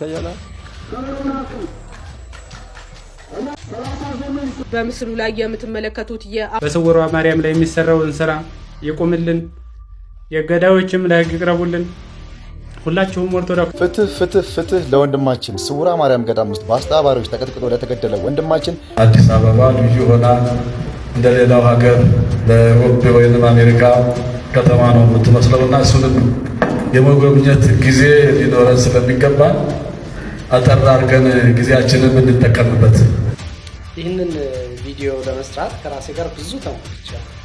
ይታያል። በምስሉ ላይ የምትመለከቱት በስውሯ ማርያም ላይ የሚሰራውን ስራ ይቁምልን፣ የገዳዮችም ለህግ ይቅረቡልን። ሁላችሁም ኦርቶዶክስ ፍትህ ፍትህ ፍትህ ለወንድማችን ስውራ ማርያም ገዳም ውስጥ በአስተባባሪዎች ተቀጥቅጦ ለተገደለ ወንድማችን አዲስ አበባ ልዩ ሆና እንደሌላው ሀገር ለሮቤ ወይም አሜሪካ ከተማ ነው እና እሱንም የመጎብኘት ጊዜ ሊኖረን ስለሚገባል አጠር አድርገን ጊዜያችንን እንጠቀምበት ይህንን ቪዲዮ ለመስራት ከራሴ ጋር ብዙ ተሞክቻለሁ።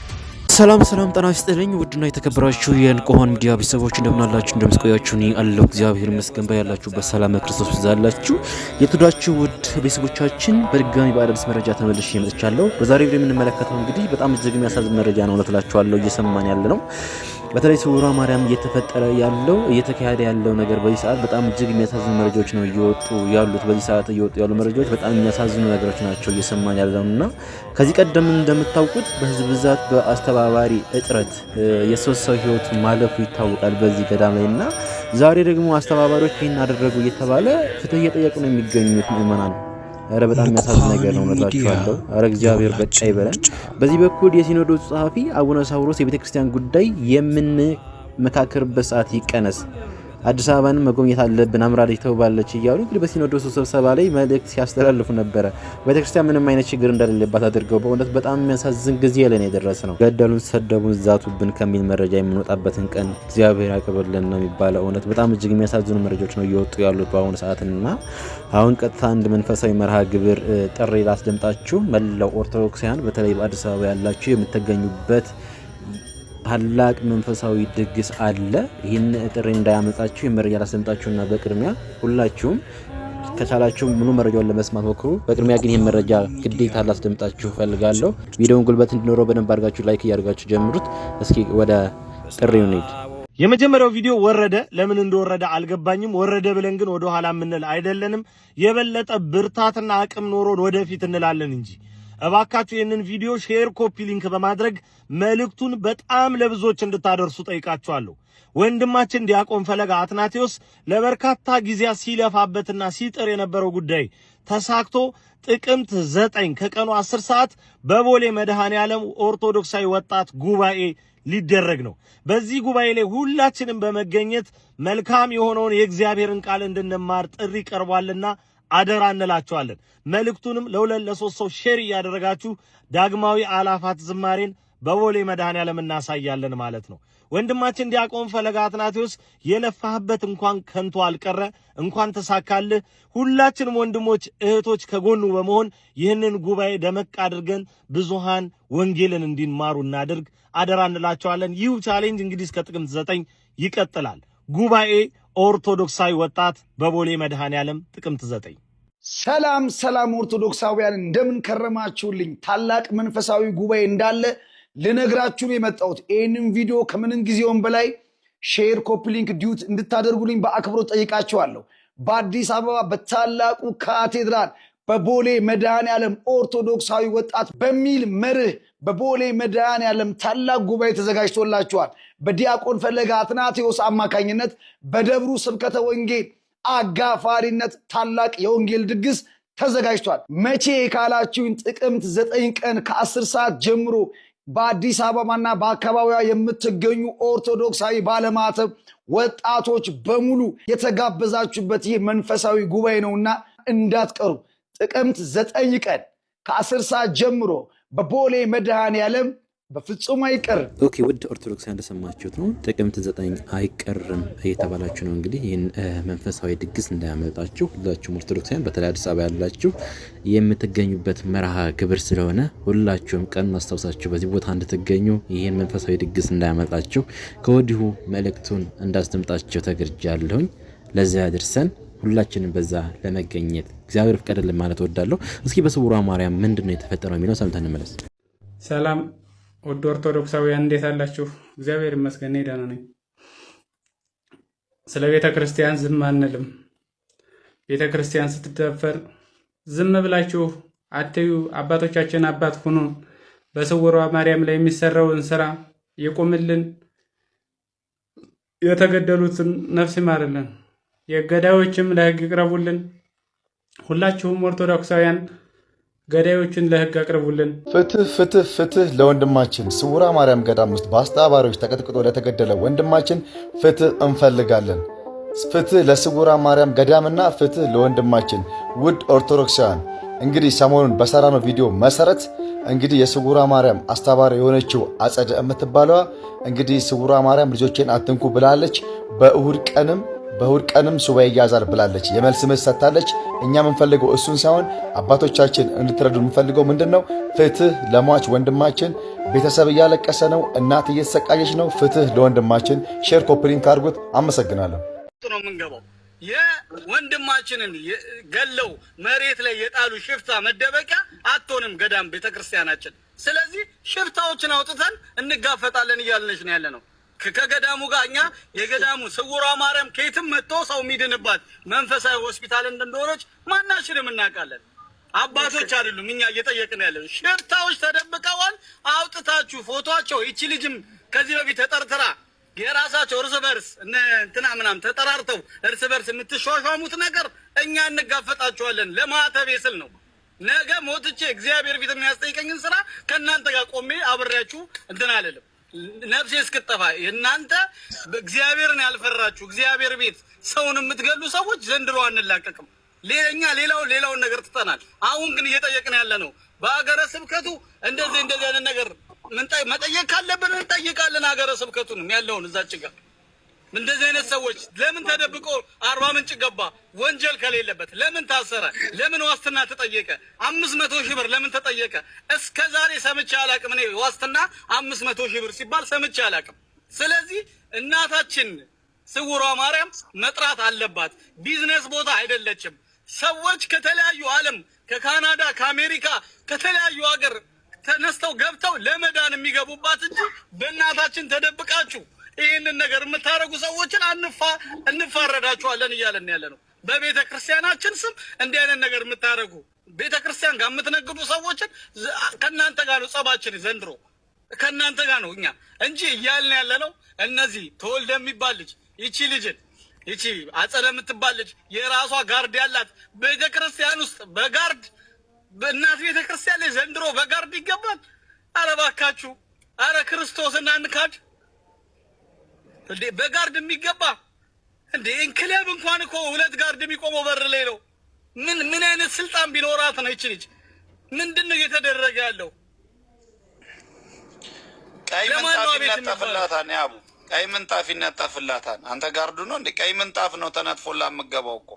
ሰላም ሰላም ጤና ይስጥልኝ ውድና የተከበራችሁ የንቁሆን ሚዲያ ቤተሰቦች እንደምናላችሁ እንደምስቆያችሁ እኔ አለሁ እግዚአብሔር ይመስገን። ባላችሁበት በሰላም ክርስቶስ ይብዛላችሁ። የትዳችሁ ውድ ቤተሰቦቻችን በድጋሚ በአዳዲስ መረጃ ተመልሼ መጥቻለሁ። በዛሬው ቪዲዮ የምንመለከተው እንግዲህ በጣም እጅግ የሚያሳዝን መረጃ ነው። እውነት እላችኋለሁ እየሰማን ያለ ነው። በተለይ ስውሯ ማርያም እየተፈጠረ ያለው እየተካሄደ ያለው ነገር በዚህ ሰዓት በጣም እጅግ የሚያሳዝኑ መረጃዎች ነው እየወጡ ያሉት። በዚህ ሰዓት እየወጡ ያሉ መረጃዎች በጣም የሚያሳዝኑ ነገሮች ናቸው እየሰማን ያለ ነው እና ከዚህ ቀደም እንደምታውቁት በህዝብ ብዛት በአስተባ ተባባሪ እጥረት የሶስት ሰው ህይወት ማለፉ ይታወቃል በዚህ ገዳም ላይ እና ዛሬ ደግሞ አስተባባሪዎች ይህን አደረጉ እየተባለ ፍትህ እየጠየቁ ነው የሚገኙት ምእመናን። ረ በጣም የሚያሳዝን ነገር ነው። እነግራችኋለሁ። ረ እግዚአብሔር በቃ ይበለን። በዚህ በኩል የሲኖዶ ጸሐፊ አቡነ ሳውሮስ የቤተክርስቲያን ጉዳይ የምንመካከርበት ሰዓት ይቀነስ አዲስ አበባንም መጎብኘት አለብን፣ አምራለች ተውባለች እያሉ እንግዲህ በሲኖዶሱ ስብሰባ ላይ መልእክት ሲያስተላልፉ ነበረ። ቤተክርስቲያን ምንም አይነት ችግር እንደሌለባት አድርገው በእውነት በጣም የሚያሳዝን ጊዜ ለን የደረስ ነው። ገደሉን፣ ሰደቡን፣ ዛቱብን ከሚል መረጃ የምንወጣበትን ቀን እግዚአብሔር ያቅብልን ነው የሚባለው። እውነት በጣም እጅግ የሚያሳዝኑ መረጃዎች ነው እየወጡ ያሉት በአሁኑ ሰዓትና አሁን ቀጥታ አንድ መንፈሳዊ መርሃ ግብር ጥሪ ላስደምጣችሁ። መላው ኦርቶዶክሳውያን በተለይ በአዲስ አበባ ያላችሁ የምትገኙበት ታላቅ መንፈሳዊ ድግስ አለ። ይህን ጥሪ እንዳያመጣችሁ መረጃ ላስደምጣችሁና በቅድሚያ ሁላችሁም ከቻላችሁ ሙሉ መረጃውን ለመስማት ሞክሩ። በቅድሚያ ግን ይህን መረጃ ግዴታ ላስደምጣችሁ ፈልጋለሁ። ቪዲዮውን ጉልበት እንዲኖረው በደንብ አድርጋችሁ ላይክ እያደርጋችሁ ጀምሩት። እስኪ ወደ ጥሪው ኒድ የመጀመሪያው ቪዲዮ ወረደ። ለምን እንደወረደ አልገባኝም። ወረደ ብለን ግን ወደኋላ የምንል አይደለንም። የበለጠ ብርታትና አቅም ኖሮን ወደፊት እንላለን እንጂ እባካችሁ ይህንን ቪዲዮ ሼር፣ ኮፒ ሊንክ በማድረግ መልእክቱን በጣም ለብዙዎች እንድታደርሱ ጠይቃችኋለሁ። ወንድማችን ዲያቆን ፈለጋ አትናቴዎስ ለበርካታ ጊዜያት ሲለፋበትና ሲጥር የነበረው ጉዳይ ተሳክቶ ጥቅምት ዘጠኝ ከቀኑ 10 ሰዓት በቦሌ መድኃኔ ዓለም ኦርቶዶክሳዊ ወጣት ጉባኤ ሊደረግ ነው። በዚህ ጉባኤ ላይ ሁላችንም በመገኘት መልካም የሆነውን የእግዚአብሔርን ቃል እንድንማር ጥሪ ቀርቧልና አደራ እንላችኋለን። መልእክቱንም ለሁለት ለሶስት ሰው ሼር እያደረጋችሁ ዳግማዊ አላፋት ዝማሬን በቦሌ መድኃኔዓለም እናሳያለን ማለት ነው። ወንድማችን ዲያቆን ፈለገ አትናቴዎስ የለፋህበት እንኳን ከንቱ አልቀረ፣ እንኳን ተሳካልህ። ሁላችንም ወንድሞች እህቶች ከጎኑ በመሆን ይህንን ጉባኤ ደመቅ አድርገን ብዙሃን ወንጌልን እንዲማሩ እናድርግ፣ አደራ እንላቸዋለን። ይህ ቻሌንጅ እንግዲህ እስከ ጥቅምት ዘጠኝ ይቀጥላል ጉባኤ ኦርቶዶክሳዊ ወጣት በቦሌ መድኃኔዓለም ጥቅምት ዘጠኝ ሰላም ሰላም ኦርቶዶክሳውያን እንደምን ከረማችሁልኝ። ታላቅ መንፈሳዊ ጉባኤ እንዳለ ልነግራችሁን የመጣሁት ይህንም ቪዲዮ ከምንም ጊዜውን በላይ ሼር፣ ኮፕሊንክ፣ ዲዩት እንድታደርጉልኝ በአክብሮት ጠይቃችኋለሁ። በአዲስ አበባ በታላቁ ካቴድራል በቦሌ መድኃኔ ዓለም ኦርቶዶክሳዊ ወጣት በሚል መርህ በቦሌ መድኃኔ ዓለም ታላቅ ጉባኤ ተዘጋጅቶላቸዋል። በዲያቆን ፈለገ አትናቴዎስ አማካኝነት በደብሩ ስብከተ ወንጌል አጋፋሪነት ታላቅ የወንጌል ድግስ ተዘጋጅቷል። መቼ ካላችሁን ጥቅምት ዘጠኝ ቀን ከአስር ሰዓት ጀምሮ በአዲስ አበባና በአካባቢዋ የምትገኙ ኦርቶዶክሳዊ ባለማተብ ወጣቶች በሙሉ የተጋበዛችሁበት ይህ መንፈሳዊ ጉባኤ ነውና እንዳትቀሩ። ጥቅምት ዘጠኝ ቀን ከአስር ሰዓት ጀምሮ በቦሌ መድኃኔዓለም በፍጹም አይቀር። ኦኬ ውድ ኦርቶዶክስ እንደሰማችሁት ነው። ጥቅምት ዘጠኝ አይቀርም እየተባላችሁ ነው። እንግዲህ ይህን መንፈሳዊ ድግስ እንዳያመልጣችሁ ሁላችሁም ኦርቶዶክሳውያን በተለይ አዲስ አበባ ያላችሁ የምትገኙበት መርሃ ግብር ስለሆነ ሁላችሁም ቀን ማስታውሳችሁ በዚህ ቦታ እንድትገኙ ይህን መንፈሳዊ ድግስ እንዳያመልጣችሁ ከወዲሁ መልእክቱን እንዳስደምጣቸው ተገድጃለሁኝ። ለዚያ ያድርሰን። ሁላችንም በዛ ለመገኘት እግዚአብሔር ፍቀድልን ማለት እወዳለሁ። እስኪ በስውሯ ማርያም ምንድን ነው የተፈጠረው የሚለው ሰምተን እንመለስ። ሰላም ውድ ኦርቶዶክሳውያን እንዴት አላችሁ? እግዚአብሔር ይመስገን ደህና ነኝ። ስለ ቤተ ክርስቲያን ዝም አንልም። ቤተ ክርስቲያን ስትደፈር ዝም ብላችሁ አትዩ። አባቶቻችን አባት ሁኑ። በስውሯ ማርያም ላይ የሚሰራውን ስራ ይቁምልን። የተገደሉትን ነፍስ ይማርልን። የገዳዮችም ለህግ ይቅረቡልን። ሁላችሁም ኦርቶዶክሳውያን ገዳዮችን ለህግ አቅርቡልን። ፍትህ ፍትህ ፍትህ ለወንድማችን ስውራ ማርያም ገዳም ውስጥ በአስተባባሪዎች ተቀጥቅጦ ለተገደለ ወንድማችን ፍትህ እንፈልጋለን። ፍትህ ለስውራ ማርያም ገዳምና ፍትህ ለወንድማችን። ውድ ኦርቶዶክሳውያን እንግዲህ ሰሞኑን በሰራነው ቪዲዮ መሰረት እንግዲህ የስውራ ማርያም አስተባባሪ የሆነችው አጸደ የምትባለዋ እንግዲህ ስውራ ማርያም ልጆችን አትንኩ ብላለች። በእሁድ ቀንም በእሁድ ቀንም ሱባኤ ይያዛል ብላለች። የመልስ ምት ሰጥታለች። እኛ የምንፈልገው እሱን ሳይሆን አባቶቻችን እንድትረዱ የምንፈልገው ምንድን ነው? ፍትህ ለሟች ወንድማችን። ቤተሰብ እያለቀሰ ነው። እናት እየተሰቃየች ነው። ፍትህ ለወንድማችን። ሼር ኮፕሊንክ አድርጉት። አመሰግናለሁ። ነው የምንገባው የወንድማችንን ገለው መሬት ላይ የጣሉ ሽፍታ መደበቂያ አትሆንም ገዳም ቤተክርስቲያናችን። ስለዚህ ሽፍታዎችን አውጥተን እንጋፈጣለን እያልነች ነው ያለ ነው። ከገዳሙ ጋር እኛ የገዳሙ ስውሯ ማርያም ከየትም መጥቶ ሰው የሚድንባት መንፈሳዊ ሆስፒታል እንደሆነች ማናችንም እናውቃለን። አባቶች አይደሉም እኛ እየጠየቅን ያለን ሽርታዎች ተደብቀዋል። አውጥታችሁ ፎቶቸው ይቺ ልጅም ከዚህ በፊት ተጠርጥራ የራሳቸው እርስ በርስ እንትና ምናም ተጠራርተው እርስ በርስ የምትሿሿሙት ነገር እኛ እንጋፈጣችኋለን። ለማተብ ስል ነው ነገ ሞትቼ እግዚአብሔር ፊት የሚያስጠይቀኝን ስራ ከእናንተ ጋር ቆሜ አብሬያችሁ እንትን አለልም። ነፍሴ እስክጠፋ እናንተ እግዚአብሔርን ያልፈራችሁ እግዚአብሔር ቤት ሰውን የምትገሉ ሰዎች ዘንድሮ አንላቀቅም። ሌላኛ ሌላው ሌላውን ነገር ትተናል። አሁን ግን እየጠየቅን ያለ ነው። በሀገረ ስብከቱ እንደዚህ እንደዚህ አይነት ነገር መጠየቅ ካለብን እንጠይቃለን። ሀገረ ስብከቱንም ያለውን እዛች ጋር እንደዚህ አይነት ሰዎች ለምን ተደብቆ አርባ ምንጭ ገባ? ወንጀል ከሌለበት ለምን ታሰረ? ለምን ዋስትና ተጠየቀ? አምስት መቶ ሺህ ብር ለምን ተጠየቀ? እስከ ዛሬ ሰምቼ አላቅም። እኔ ዋስትና አምስት መቶ ሺህ ብር ሲባል ሰምቼ አላቅም። ስለዚህ እናታችን ስውሯ ማርያም መጥራት አለባት። ቢዝነስ ቦታ አይደለችም። ሰዎች ከተለያዩ ዓለም ከካናዳ፣ ከአሜሪካ፣ ከተለያዩ ሀገር ተነስተው ገብተው ለመዳን የሚገቡባት እንጂ በእናታችን ተደብቃችሁ ይህንን ነገር የምታደረጉ ሰዎችን አንፋ እንፋረዳችኋለን እያለን ያለ ነው። በቤተ ክርስቲያናችን ስም እንዲህ አይነት ነገር የምታደረጉ ቤተ ክርስቲያን ጋር የምትነግዱ ሰዎችን ከእናንተ ጋር ነው ጸባችን ዘንድሮ ከእናንተ ጋር ነው እኛ እንጂ እያልን ያለ ነው። እነዚህ ተወልደ የሚባል ልጅ ይቺ ልጅን ይቺ አጸደ የምትባል ልጅ የራሷ ጋርድ ያላት ቤተ ክርስቲያን ውስጥ በጋርድ በእናት ቤተ ክርስቲያን ላይ ዘንድሮ በጋርድ ይገባል። አረ እባካችሁ፣ አረ ክርስቶስ እናንካድ እንዴ በጋርድ የሚገባ እንዴ እንክለብ እንኳን እኮ ሁለት ጋርድ የሚቆመው በር ላይ ነው። ምን ምን አይነት ስልጣን ቢኖራት ነው ይች ልጅ? ምንድን ነው እየተደረገ ያለው? ቀይ ምንጣፍ ይነጠፍላታን፣ ያቡ ቀይ ምንጣፍ ይነጠፍላታን። አንተ ጋርዱ ነው እንዴ? ቀይ ምንጣፍ ነው ተነጥፎላ የምገባው እኮ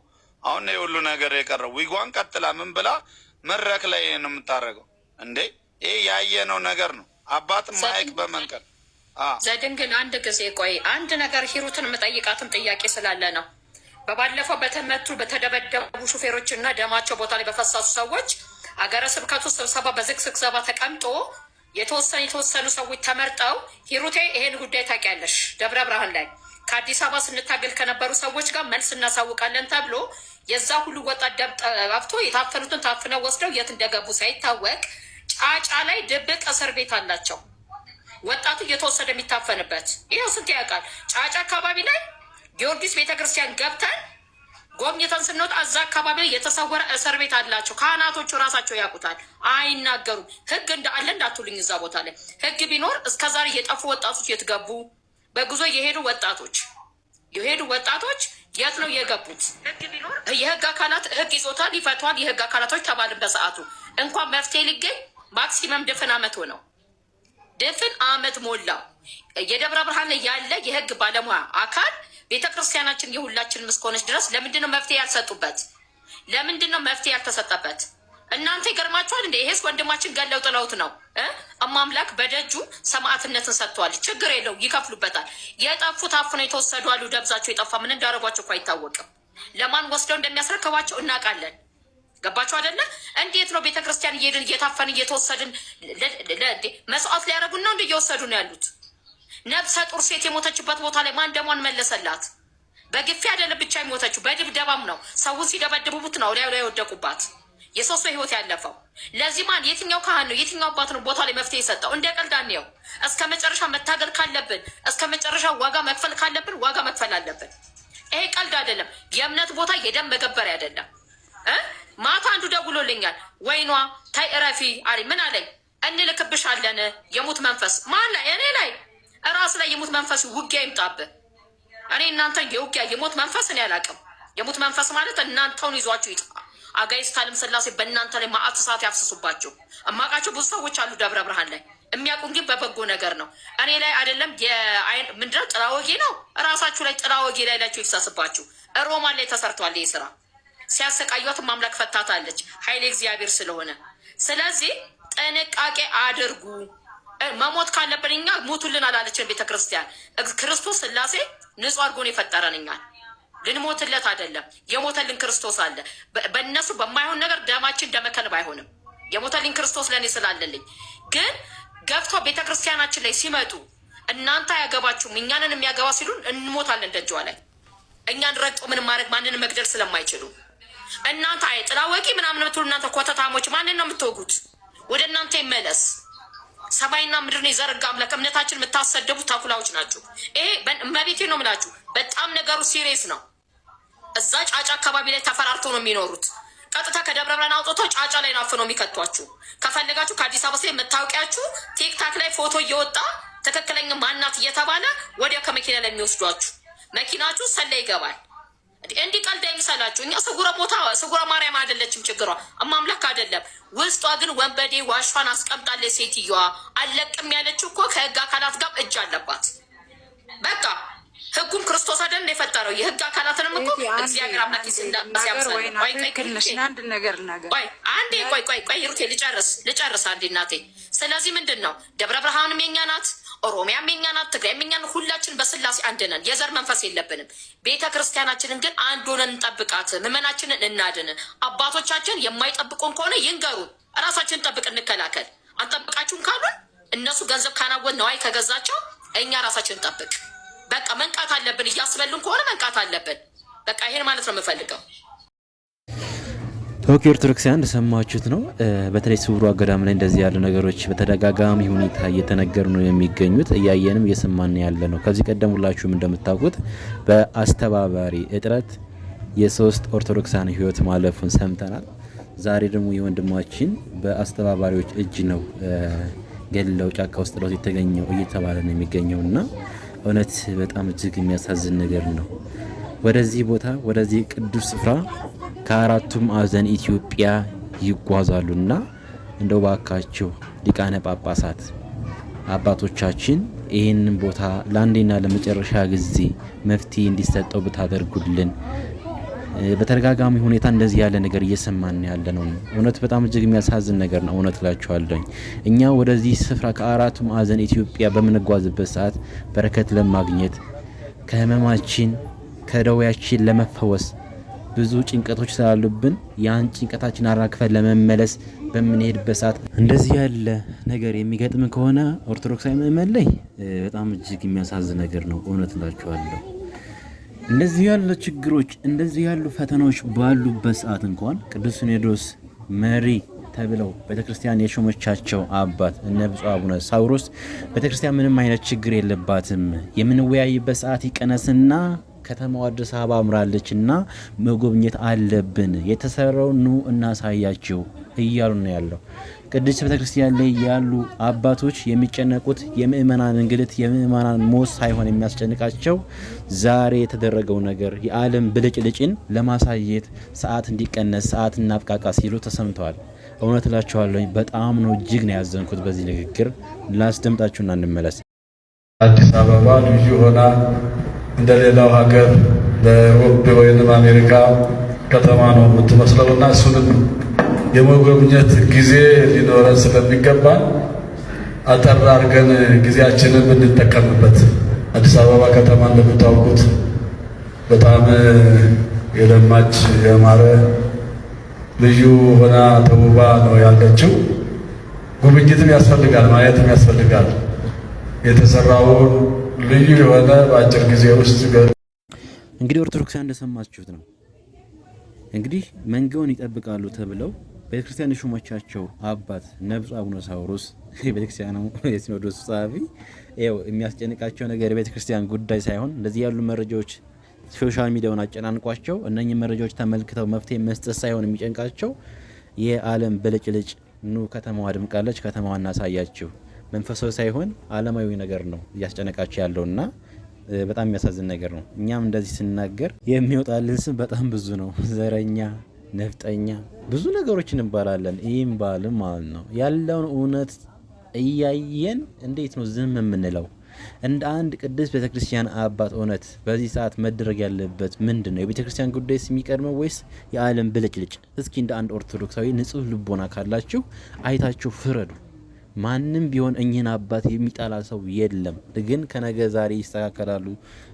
አሁን ነው የሁሉ ነገር የቀረው። ዊጓን ቀጥላ ምን ብላ መድረክ ላይ ነው የምታደርገው? እንዴ ይሄ ያየነው ነገር ነው። አባት ማይክ በመንቀል ዘድንግል አንድ ጊዜ ቆይ፣ አንድ ነገር ሂሩትን መጠይቃትን ጥያቄ ስላለ ነው። በባለፈው በተመቱ በተደበደቡ ሹፌሮች እና ደማቸው ቦታ ላይ በፈሰሱ ሰዎች አገረ ስብከቱ ስብሰባ በዝግ ስብሰባ ተቀምጦ የተወሰኑ የተወሰኑ ሰዎች ተመርጠው ሂሩቴ ይሄን ጉዳይ ታውቂያለሽ፣ ደብረ ብርሃን ላይ ከአዲስ አበባ ስንታገል ከነበሩ ሰዎች ጋር መልስ እናሳውቃለን ተብሎ የዛ ሁሉ ወጣት ደም ጠብቶ የታፈኑትን ታፍነው ወስደው የት እንደገቡ ሳይታወቅ ጫጫ ላይ ድብቅ እስር ቤት አላቸው። ወጣቱ እየተወሰደ የሚታፈንበት ይኸው ስንት ያውቃል። ጫጫ አካባቢ ላይ ጊዮርጊስ ቤተክርስቲያን ገብተን ጎብኝተን ስንወጣ እዛ አካባቢ የተሰወረ እስር ቤት አላቸው። ካህናቶቹ ራሳቸው ያውቁታል፣ አይናገሩም። ህግ እንዳለ እንዳትሉኝ፣ እዛ ቦታ ላይ ህግ ቢኖር እስከዛሬ የጠፉ ወጣቶች የት ገቡ? በጉዞ የሄዱ ወጣቶች የሄዱ ወጣቶች የት ነው የገቡት? የህግ አካላት ህግ ይዞታል፣ ይፈቷል። የህግ አካላቶች ተባልን በሰዓቱ እንኳን መፍትሄ ሊገኝ ማክሲመም ድፍን አመት ነው። ድፍን አመት ሞላው። የደብረ ብርሃን ላይ ያለ የህግ ባለሙያ አካል ቤተ ክርስቲያናችን የሁላችንም እስከሆነች ድረስ ለምንድን ነው መፍትሄ ያልሰጡበት? ለምንድን ነው መፍትሄ ያልተሰጠበት? እናንተ ይገርማችኋል። እንደ ይሄስ ወንድማችን ገለው ጥለውት ነው አማምላክ በደጁ ሰማዕትነትን ሰጥተዋል። ችግር የለው ይከፍሉበታል። የጠፉት አፍነው የተወሰዱ አሉ። ደብዛቸው የጠፋ ምን እንዳደረጓቸው እኮ አይታወቅም። ለማን ወስደው እንደሚያስረከባቸው እናውቃለን። ገባችሁ አይደለ? እንዴት ነው ቤተ ክርስቲያን እየሄድን እየታፈን እየተወሰድን መስዋዕት ሊያደርጉን ነው እንደ እየወሰዱ ነው ያሉት። ነብሰ ጡር ሴት የሞተችበት ቦታ ላይ ማን ደሟን መለሰላት? በግፊ አይደለም ብቻ የሞተችው በድብደባም ነው። ሰውን ሲደበድቡት ነው ላይ ላይ የወደቁባት የሶስቱ ህይወት ያለፈው። ለዚህ ማን የትኛው ካህን ነው የትኛው አባት ነው ቦታ ላይ መፍትሄ የሰጠው? እንደ ቀልዳን ው እስከ መጨረሻ መታገል ካለብን እስከ መጨረሻ ዋጋ መክፈል ካለብን ዋጋ መክፈል አለብን። ይሄ ቀልድ አይደለም። የእምነት ቦታ የደም መገበሪያ አይደለም። ማታ አንዱ ደውሎልኛል። ወይኗ ታይ እረፊ አሪ ምን አለኝ? እንልክብሻለን የሙት መንፈስ ማን ላይ እኔ ላይ እራስ ላይ የሙት መንፈስ ውጊያ ይምጣብህ። እኔ እናንተ የውጊያ የሞት መንፈስ እኔ አላውቅም። የሙት መንፈስ ማለት እናንተውን ይዟችሁ ይጣ አጋይስት አለም ስላሴ በእናንተ ላይ ማዕት እሳት ያፍስሱባቸው። እማውቃቸው ብዙ ሰዎች አሉ ደብረ ብርሃን ላይ የሚያውቁን ግን በበጎ ነገር ነው። እኔ ላይ አይደለም ምንድነው ጥላ ወጌ ነው። እራሳችሁ ላይ ጥላ ወጌ ላይ ላቸው ይፍሰስባችሁ። ሮማን ላይ ተሰርቷል ይህ ስራ ሲያሰቃዩትም አምላክ ፈታታለች፣ ኃይሌ እግዚአብሔር ስለሆነ። ስለዚህ ጥንቃቄ አድርጉ። መሞት ካለብን እኛ ሞቱልን አላለችን ቤተ ክርስቲያን። ክርስቶስ ስላሴ ንጹህ አድርጎን የፈጠረን እኛን ልንሞትለት አይደለም። የሞተልን ክርስቶስ አለ። በእነሱ በማይሆን ነገር ደማችን ደመከልብ አይሆንም። የሞተልኝ ክርስቶስ ለእኔ ስላለልኝ ግን ገብቶ ቤተ ክርስቲያናችን ላይ ሲመጡ እናንተ አያገባችሁም እኛንን የሚያገባ ሲሉን እንሞታለን ደጅዋ ላይ እኛን ረግጦ ምን ማድረግ ማንን መግደል ስለማይችሉ እናንተ አይ ጥላወቂ ምናምን ምትሉ እናንተ ኮተታሞች ማንን ነው የምትወጉት? ወደ እናንተ ይመለስ። ሰማይና ምድርን የዘረጋ አምላክ እምነታችን የምታሰደቡ ተኩላዎች ናችሁ። ይሄ መቤቴ ነው ምላችሁ። በጣም ነገሩ ሲሪየስ ነው። እዛ ጫጫ አካባቢ ላይ ተፈራርቶ ነው የሚኖሩት። ቀጥታ ከደብረ ብርሃን አውጥቶ ጫጫ ላይ ናፍ ነው የሚከቷችሁ። ከፈለጋችሁ ከአዲስ አበባ ላይ መታወቂያችሁ ቲክታክ ላይ ፎቶ እየወጣ ትክክለኛ ማናት እየተባለ ወዲያ ከመኪና ላይ የሚወስዷችሁ መኪናችሁ ሰላ ይገባል። እንዲህ ቀልድ አይምሰላችሁ። እኛ ስጉረ ቦታ ስጉረ ማርያም አይደለችም ችግሯ፣ እማምላክ አይደለም። ውስጧ ግን ወንበዴ ዋሿን አስቀምጣለች። ሴትዮዋ አለቅም ያለችው እኮ ከህግ አካላት ጋር እጅ አለባት። በቃ ህጉም ክርስቶስ አይደል የፈጠረው። የህግ አካላትንም እኮ እግዚአብሔር አምላክ ነገር አንዴ ቆይ ቆይ ቆይ ሩቴ ልጨርስ ልጨርስ አንዴ እናቴ። ስለዚህ ምንድን ነው ደብረ ብርሃንም የኛ ናት ኦሮሚያም የኛ ናት፣ ትግራይም የኛ ናት። ሁላችን በስላሴ አንድ ነን። የዘር መንፈስ የለብንም። ቤተ ክርስቲያናችንን ግን አንድ ሆነን እንጠብቃት፣ ምዕመናችንን እናድን። አባቶቻችን የማይጠብቁን ከሆነ ይንገሩን፣ እራሳችን ጠብቅ፣ እንከላከል። አንጠብቃችሁም ካሉን እነሱ ገንዘብ ካናወን ነዋይ ከገዛቸው እኛ ራሳችን ጠብቅ። በቃ መንቃት አለብን። እያስበሉን ከሆነ መንቃት አለብን። በቃ ይሄን ማለት ነው የምፈልገው። ቶኪዮ ኦርቶዶክሳውያን እንደሰማችሁት ነው። በተለይ ስውሩ አገዳም ላይ እንደዚህ ያሉ ነገሮች በተደጋጋሚ ሁኔታ እየተነገሩ ነው የሚገኙት እያየንም እየሰማን ያለ ነው። ከዚህ ቀደም ሁላችሁም እንደምታውቁት በአስተባባሪ እጥረት የሶስት ኦርቶዶክሳን ህይወት ማለፉን ሰምተናል። ዛሬ ደግሞ የወንድማችን በአስተባባሪዎች እጅ ነው ገለው ጫካ ውስጥ ለት የተገኘው እየተባለ ነው የሚገኘው እና እውነት በጣም እጅግ የሚያሳዝን ነገር ነው። ወደዚህ ቦታ ወደዚህ ቅዱስ ስፍራ ከአራቱም ማዕዘን ኢትዮጵያ ይጓዛሉና እንደው ባካችሁ ሊቃነ ጳጳሳት አባቶቻችን ይህንን ቦታ ለአንዴና ለመጨረሻ ጊዜ መፍትሄ እንዲሰጠው ብታደርጉልን። በተደጋጋሚ ሁኔታ እንደዚህ ያለ ነገር እየሰማን ያለ ነው። እውነት በጣም እጅግ የሚያሳዝን ነገር ነው። እውነት እላችኋለኝ። እኛ ወደዚህ ስፍራ ከአራቱ ማዕዘን ኢትዮጵያ በምንጓዝበት ሰዓት በረከት ለማግኘት ከህመማችን ከደዌያችን ለመፈወስ ብዙ ጭንቀቶች ስላሉብን ያን ጭንቀታችን አራግፈን ለመመለስ በምንሄድበት ሰዓት እንደዚህ ያለ ነገር የሚገጥም ከሆነ ኦርቶዶክሳዊ ምዕመን ላይ በጣም እጅግ የሚያሳዝን ነገር ነው። እውነት እላችኋለሁ። እንደዚህ ያሉ ችግሮች፣ እንደዚህ ያሉ ፈተናዎች ባሉበት ሰዓት እንኳን ቅዱስ ሲኖዶስ መሪ ተብለው ቤተክርስቲያን የሾመቻቸው አባት እነ ብፁዕ አቡነ ሳዊሮስ ቤተክርስቲያን ምንም አይነት ችግር የለባትም የምንወያይበት ሰዓት ይቀነስና ከተማዋ አዲስ አበባ አምራለች እና መጎብኘት አለብን፣ የተሰራው ኑ እናሳያችሁ እያሉ ነው ያለው። ቅድስት ቤተ ክርስቲያን ላይ ያሉ አባቶች የሚጨነቁት የምእመናን እንግልት፣ የምእመናን ሞት ሳይሆን የሚያስጨንቃቸው ዛሬ የተደረገው ነገር የዓለም ብልጭልጭን ለማሳየት ሰዓት እንዲቀነስ ሰዓት እናብቃቃ ሲሉ ተሰምተዋል። እውነት እላችኋለሁ በጣም ነው እጅግ ነው ያዘንኩት በዚህ ንግግር። ላስደምጣችሁና እንመለስ። አዲስ አበባ ልዩ ሆና እንደሌላው ሀገር በሮብ ወይም አሜሪካ ከተማ ነው የምትመስለው እና እሱንም የመጎብኘት ጊዜ ሊኖረን ስለሚገባን አጠር አድርገን ጊዜያችንን ብንጠቀምበት። አዲስ አበባ ከተማ እንደምታውቁት በጣም የለማች ያማረ ልዩ ሆና ተውባ ነው ያለችው። ጉብኝትም ያስፈልጋል፣ ማየትም ያስፈልጋል የተሰራውን ልዩ የሆነ በአጭር ጊዜ ውስጥ እንግዲህ ኦርቶዶክሳን እንደሰማችሁት ነው። እንግዲህ መንጋውን ይጠብቃሉ ተብለው ቤተክርስቲያን የሾመቻቸው አባት ነብፁ አቡነ ሳውሮስ ቤተክርስቲያኑ የሲኖዶስ ጸሐፊ ው የሚያስጨንቃቸው ነገር የቤተክርስቲያን ጉዳይ ሳይሆን እንደዚህ ያሉ መረጃዎች ሶሻል ሚዲያውን አጨናንቋቸው እነኚህ መረጃዎች ተመልክተው መፍትሄ መስጠት ሳይሆን የሚጨንቃቸው የዓለም ብልጭልጭ ኑ ከተማዋ ድምቃለች፣ ከተማዋ እናሳያችሁ መንፈሳዊ ሳይሆን ዓለማዊ ነገር ነው እያስጨነቃቸው ያለውና በጣም የሚያሳዝን ነገር ነው። እኛም እንደዚህ ስናገር የሚወጣልን ስም በጣም ብዙ ነው። ዘረኛ፣ ነፍጠኛ ብዙ ነገሮች እንባላለን። ይህም ባልም ማለት ነው ያለውን እውነት እያየን እንዴት ነው ዝም የምንለው? እንደ አንድ ቅድስት ቤተክርስቲያን አባት እውነት በዚህ ሰዓት መደረግ ያለበት ምንድን ነው? የቤተክርስቲያን ጉዳይስ የሚቀድመው ወይስ የዓለም ብልጭልጭ? እስኪ እንደ አንድ ኦርቶዶክሳዊ ንጹህ ልቦና ካላችሁ አይታችሁ ፍረዱ። ማንም ቢሆን እኚህን አባት የሚጠላ ሰው የለም። ግን ከነገ ዛሬ ይስተካከላሉ፣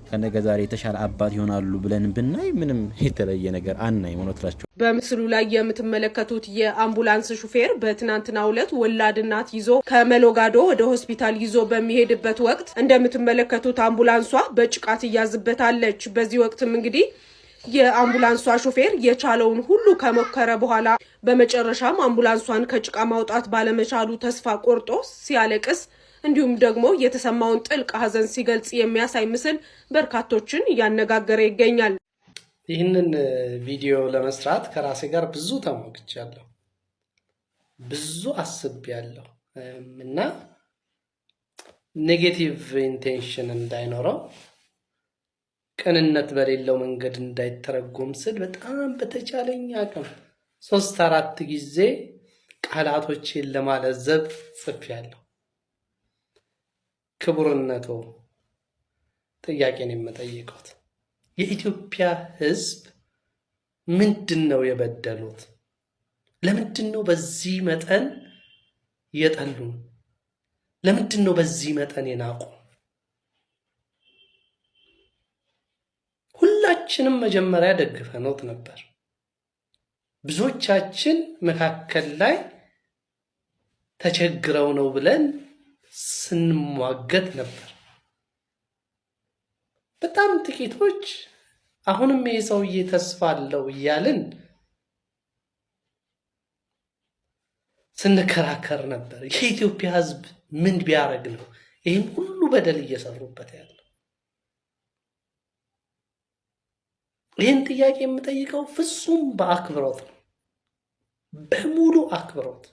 ከነገ ዛሬ የተሻለ አባት ይሆናሉ ብለን ብናይ ምንም የተለየ ነገር አናይም። እውነት በምስሉ ላይ የምትመለከቱት የአምቡላንስ ሹፌር በትናንትናው ዕለት ወላድ እናት ይዞ ከመሎጋዶ ወደ ሆስፒታል ይዞ በሚሄድበት ወቅት እንደምትመለከቱት አምቡላንሷ በጭቃ ትያዝበታለች። በዚህ ወቅትም እንግዲህ የአምቡላንሷ ሾፌር የቻለውን ሁሉ ከሞከረ በኋላ በመጨረሻም አምቡላንሷን ከጭቃ ማውጣት ባለመቻሉ ተስፋ ቆርጦ ሲያለቅስ እንዲሁም ደግሞ የተሰማውን ጥልቅ ሐዘን ሲገልጽ የሚያሳይ ምስል በርካቶችን እያነጋገረ ይገኛል። ይህንን ቪዲዮ ለመስራት ከራሴ ጋር ብዙ ተሞክቻለሁ፣ ብዙ አስቤያለሁ እና ኔጌቲቭ ኢንቴንሽን እንዳይኖረው ቅንነት በሌለው መንገድ እንዳይተረጎም ስል በጣም በተቻለኝ አቅም ሶስት አራት ጊዜ ቃላቶቼን ለማለዘብ ጽፌያለሁ። ክቡርነቶ ጥያቄን የምጠይቀት የኢትዮጵያ ሕዝብ ምንድን ነው የበደሉት? ለምንድን ነው በዚህ መጠን የጠሉን? ለምንድን ነው በዚህ መጠን የናቁ? ሁላችንም መጀመሪያ ደግፈነውት ነበር። ብዙዎቻችን መካከል ላይ ተቸግረው ነው ብለን ስንሟገት ነበር። በጣም ጥቂቶች አሁንም ይሄ ሰውዬ ተስፋ አለው እያልን ስንከራከር ነበር። የኢትዮጵያ ሕዝብ ምን ቢያደርግ ነው ይህም ሁሉ በደል እየሰሩበት ያለው? ይህን ጥያቄ የምጠይቀው ፍጹም በአክብሮት ነው። በሙሉ አክብሮት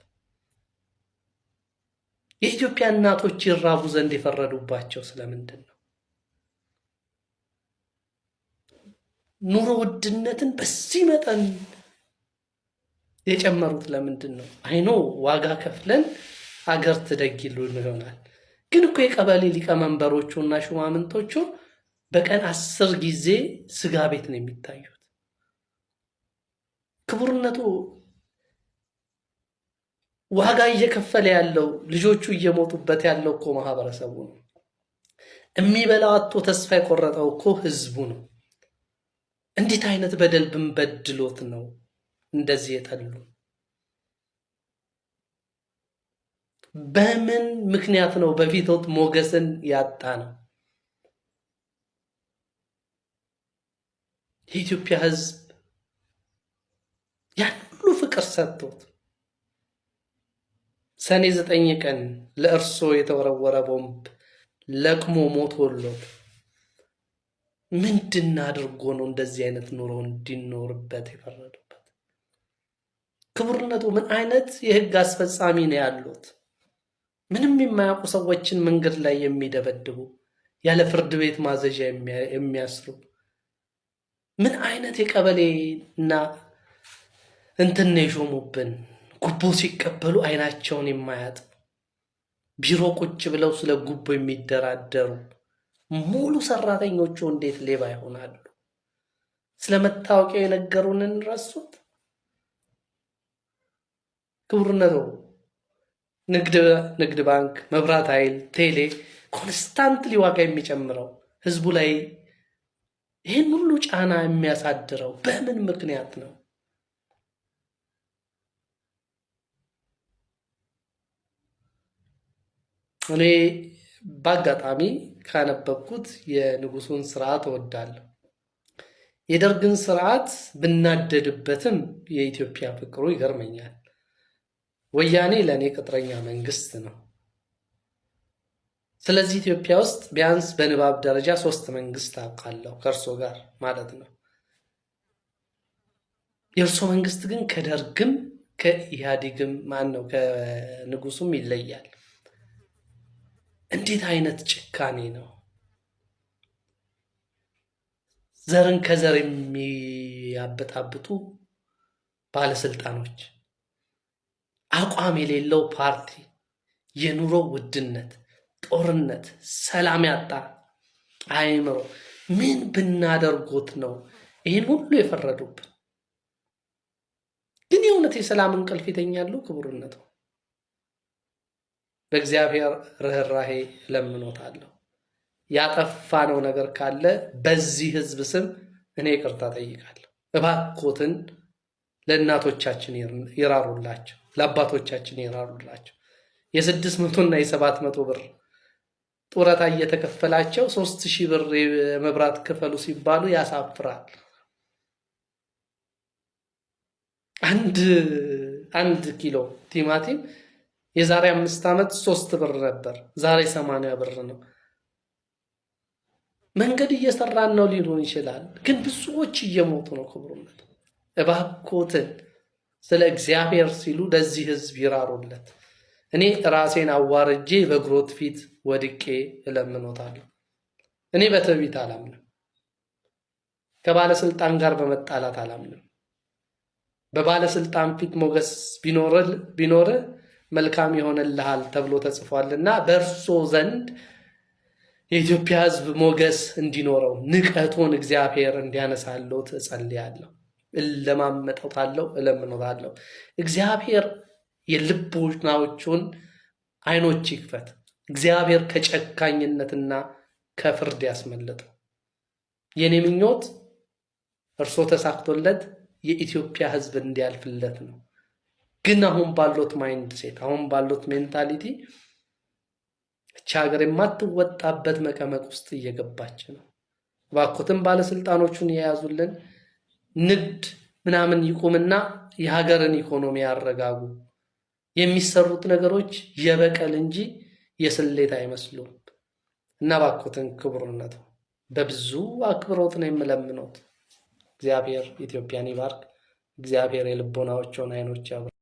የኢትዮጵያ እናቶች ይራቡ ዘንድ የፈረዱባቸው ስለምንድን ነው? ኑሮ ውድነትን በዚህ መጠን የጨመሩት ለምንድን ነው? አይኖ ዋጋ ከፍለን አገር ትደግ ይሉን ይሆናል። ግን እኮ የቀበሌ ሊቀመንበሮቹ እና ሹማምንቶቹ በቀን አስር ጊዜ ስጋ ቤት ነው የሚታዩት። ክቡርነቱ ዋጋ እየከፈለ ያለው ልጆቹ እየሞቱበት ያለው እኮ ማህበረሰቡ ነው። የሚበላው አጥቶ ተስፋ የቆረጠው እኮ ህዝቡ ነው። እንዴት አይነት በደል ብንበድሎት ነው እንደዚህ የጠሉ? በምን ምክንያት ነው በፊቶት ሞገስን ያጣ ነው? የኢትዮጵያ ሕዝብ ያን ሁሉ ፍቅር ሰጥቶት ሰኔ ዘጠኝ ቀን ለእርሶ የተወረወረ ቦምብ ለቅሞ ሞቶሎት ምንድን አድርጎ ነው እንደዚህ አይነት ኑሮ እንዲኖርበት የፈረዱበት? ክቡርነቱ ምን አይነት የህግ አስፈጻሚ ነው ያሉት? ምንም የማያውቁ ሰዎችን መንገድ ላይ የሚደበድቡ ያለ ፍርድ ቤት ማዘዣ የሚያስሩ ምን አይነት የቀበሌና እንትን የሾሙብን ጉቦ ሲቀበሉ አይናቸውን የማያጥ ቢሮ ቁጭ ብለው ስለ ጉቦ የሚደራደሩ ሙሉ ሰራተኞቹ እንዴት ሌባ ይሆናሉ? ስለ መታወቂያው የነገሩን ረሱት። ክቡርነቱ ንግድ ባንክ፣ መብራት ኃይል፣ ቴሌ ኮንስታንትሊ ዋጋ የሚጨምረው ህዝቡ ላይ ይህን ሁሉ ጫና የሚያሳድረው በምን ምክንያት ነው? እኔ በአጋጣሚ ካነበብኩት የንጉሱን ስርዓት እወዳለሁ። የደርግን ስርዓት ብናደድበትም የኢትዮጵያ ፍቅሩ ይገርመኛል። ወያኔ ለእኔ ቅጥረኛ መንግስት ነው። ስለዚህ ኢትዮጵያ ውስጥ ቢያንስ በንባብ ደረጃ ሶስት መንግስት አውቃለሁ ከእርሶ ጋር ማለት ነው። የእርሶ መንግስት ግን ከደርግም ከኢህአዴግም ማን ነው ከንጉሱም ይለያል። እንዴት አይነት ጭካኔ ነው! ዘርን ከዘር የሚያበጣብጡ ባለስልጣኖች፣ አቋም የሌለው ፓርቲ፣ የኑሮ ውድነት ጦርነት፣ ሰላም ያጣ አይምሮ ምን ብናደርጎት ነው ይህን ሁሉ የፈረዱብን? ግን የእውነት የሰላም እንቅልፍ ይተኛሉ? ክቡርነቱ በእግዚአብሔር ርኅራሄ እለምኖታለሁ። ያጠፋነው ነገር ካለ በዚህ ህዝብ ስም እኔ ይቅርታ ጠይቃለሁ። እባኮትን ለእናቶቻችን ይራሩላቸው፣ ለአባቶቻችን ይራሩላቸው። የስድስት መቶና የሰባት መቶ ብር ጡረታ እየተከፈላቸው ሶስት ሺህ ብር የመብራት ክፈሉ ሲባሉ ያሳፍራል። አንድ አንድ ኪሎ ቲማቲም የዛሬ አምስት ዓመት ሶስት ብር ነበር፣ ዛሬ ሰማንያ ብር ነው። መንገድ እየሰራን ነው ሊሆን ይችላል፣ ግን ብዙዎች እየሞቱ ነው። ክብሩነት እባኮትን ስለ እግዚአብሔር ሲሉ ለዚህ ህዝብ ይራሩለት። እኔ ራሴን አዋርጄ በግሮት ፊት ወድቄ እለምኖታለሁ። እኔ በትዕቢት አላምንም። ከባለስልጣን ጋር በመጣላት አላምንም። በባለስልጣን ፊት ሞገስ ቢኖር መልካም ይሆንልሃል ተብሎ ተጽፏልና በእርሶ ዘንድ የኢትዮጵያ ሕዝብ ሞገስ እንዲኖረው ንቀቱን እግዚአብሔር እንዲያነሳለው እጸልያለሁ፣ እለማመጠታለሁ፣ እለምኖታለሁ እግዚአብሔር የልቦናዎቹን አይኖች ይክፈት። እግዚአብሔር ከጨካኝነትና ከፍርድ ያስመለጠው የኔ ምኞት እርሶ ተሳክቶለት የኢትዮጵያ ሕዝብ እንዲያልፍለት ነው። ግን አሁን ባሉት ማይንድ ሴት፣ አሁን ባሉት ሜንታሊቲ እቺ ሀገር የማትወጣበት መቀመቅ ውስጥ እየገባች ነው። ባኮትን ባለስልጣኖቹን የያዙልን ንግድ ምናምን ይቁምና የሀገርን ኢኮኖሚ ያረጋጉ። የሚሰሩት ነገሮች የበቀል እንጂ የስሌት አይመስሉም። እና እባክዎትን ክቡርነቱ በብዙ አክብሮት ነው የምለምኖት። እግዚአብሔር ኢትዮጵያን ይባርክ። እግዚአብሔር የልቦናዎችን አይኖች ያብራ።